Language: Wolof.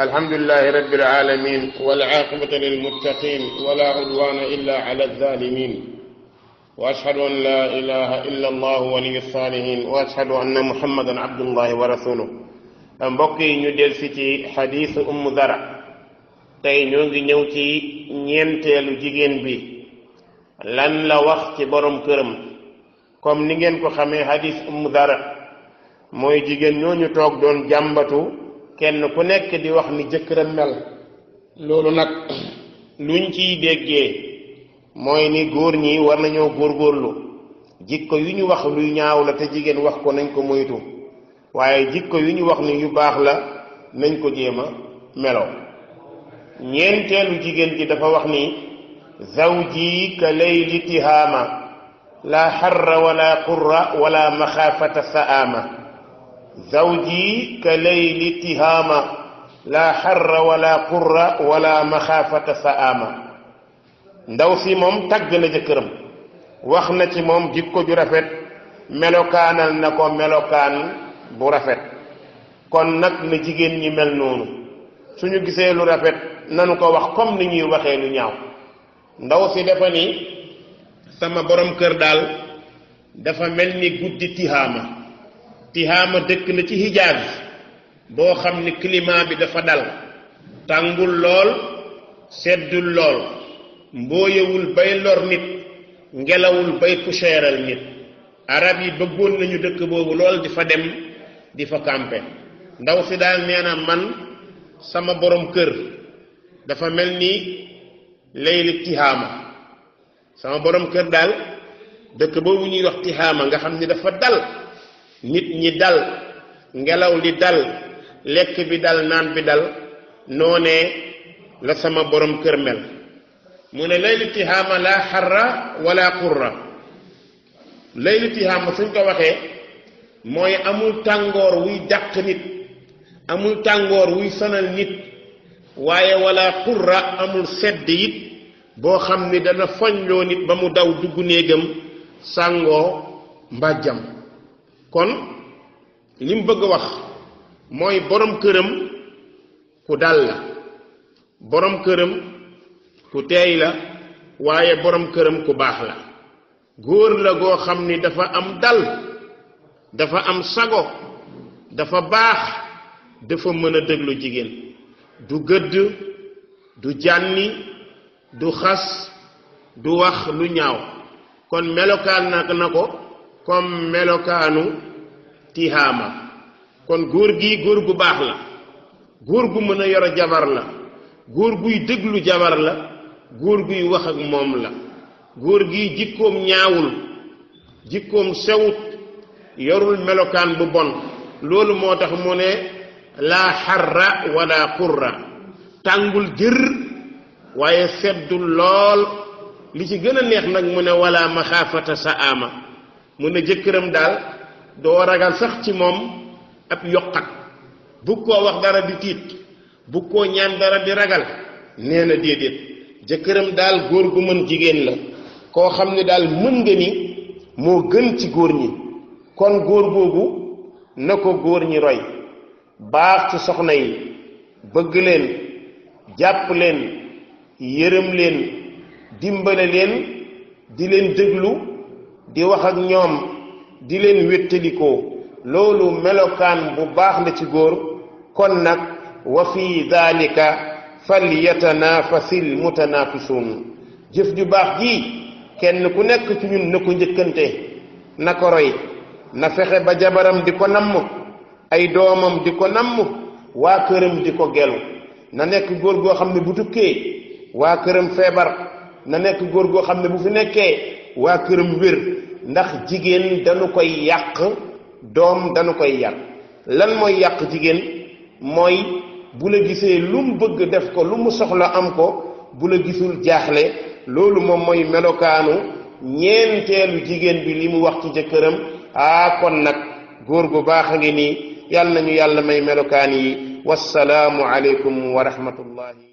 الحمد لله رب العالمين والعاقبة للمتقين ولا عدوان إلا على الظالمين وأشهد أن لا إله إلا الله ولي الصالحين وأشهد أن محمدا عبد الله ورسوله أم بقي نجل حديث أم ذرع تي نوغي نوتي نينتي لجيجين بي لن لا وقت برم كرم كم نيجين كو خمي حديث أم ذرع موي جيجين نوني توك دون جامبتو kenn ku nekk di wax ni jëkkëram mel loolu nag luñ ciy déggee mooy ni góor ñi war nañoo góorgóorlu jikko yu ñu wax luy ñaaw la te jigéen wax ko nañ ko moytu waaye jikko yu ñu wax ni yu baax la nañ ko jéem a melo ñeenteelu jigéen ji dafa wax ni zawji ka layli tihaama la xarra wala qurra wala maxaafata saama zawji ka layli tihaama la xarra wala qurra wala maxaafata saama ndaw si moom tagg na jëkkëram wax na ci moom jikko ju rafet melokaanal na ko melokaan bu rafet kon nag na jigéen ñi mel noonu suñu gisee lu rafet nanu ko wax comme ni ñuy waxee lu ñaaw ndaw si dafa ni sama borom kër daal dafa mel ni guddi tihaama tihaama dëkk na ci hijaab bi boo xam ni climat bi dafa dal tàngul lool seddul lool mbooyewul bay lor nit ngelawul bay kuseeral nit arab yi bëggoon nañu dëkk boobu lool di fa dem di fa campe ndaw si daal nee na man sama boroom kër dafa mel ni layli tihaama sama boroom kër daal dëkk boobu ñuy wax tihaama nga xam ni dafa dal nit ñi dal ngelaw li dal lekk bi dal naan bi dal noonee la sama borom kër mel mu ne laylu tihaama la xarra wala qurra laylu tihaama suñ ko waxee mooy amul tàngoor wuy dàq nit amul tàngoor wuy sonal nit waaye wala qurra amul sedd it boo xam ni dana foñloo nit ba mu daw dugg néegam sàngoo mbàjjam kon li mu bëgg wax mooy borom këram ku dal la borom këram ku teey la waaye borom këram ku baax la góor la goo xam ni dafa am dal dafa am sago dafa baax dafa mën a déglu jigéen du gëdd du jànni du xas du wax lu ñaaw kon melokaan na na ko comme melokaanu tihaama kon góor gi góor gu baax la góor gu mën a yoro jabar la góor guy déglu jabar la góor guy wax ak moom la góor gi jikkoom ñaawul jikkoom sewut yorul melokaan bu bon loolu moo tax mu ne laa xarra wala qurra tàngul jër waaye seddul lool li ci gën a neex nag mu ne wala maxaafata sa ama mu ne jëkkëram daal doo ragal sax ci moom ab yokkat bu koo wax dara di tiit bu koo ñaan dara bi ragal nee na déedéet jëkkëram daal góor gu mën jigéen la koo xam ne daal mën nga ni moo gën ci góor ñi kon góor googu na ko góor ñi roy baax ci soxna yi bëgg leen jàpp leen yërëm leen dimbale leen di leen déglu di wax ak ñoom di leen wéttalikoo loolu melokaan bu baax na ci góor kon nag wa fi daalika falyatanafasil mutanafisuun jëf ju baax ji kenn ku nekk ci ñun na ko njëkkante na ko roy na fexe ba jabaram di ko namm ay doomam di ko namm waa këram di ko gelu na nekk góor goo xam ne bu tukkee waa këram feebar na nekk góor goo xam ne bu fi nekkee waa këram wér ndax jigéen dañu koy yàq doom dañu koy yàq lan mooy yàq jigéen mooy bu la gisee lu mu bëgg def ko lu mu soxla am ko bu la gisul jaaxle loolu moom mooy melokaanu ñeenteelu jigéen bi li mu wax ci jëkkëram aa kon nag góor gu baax a ngi nii yàlla nañu yàlla may melokaan yi wassalaamu aleykum wa rahmatullahi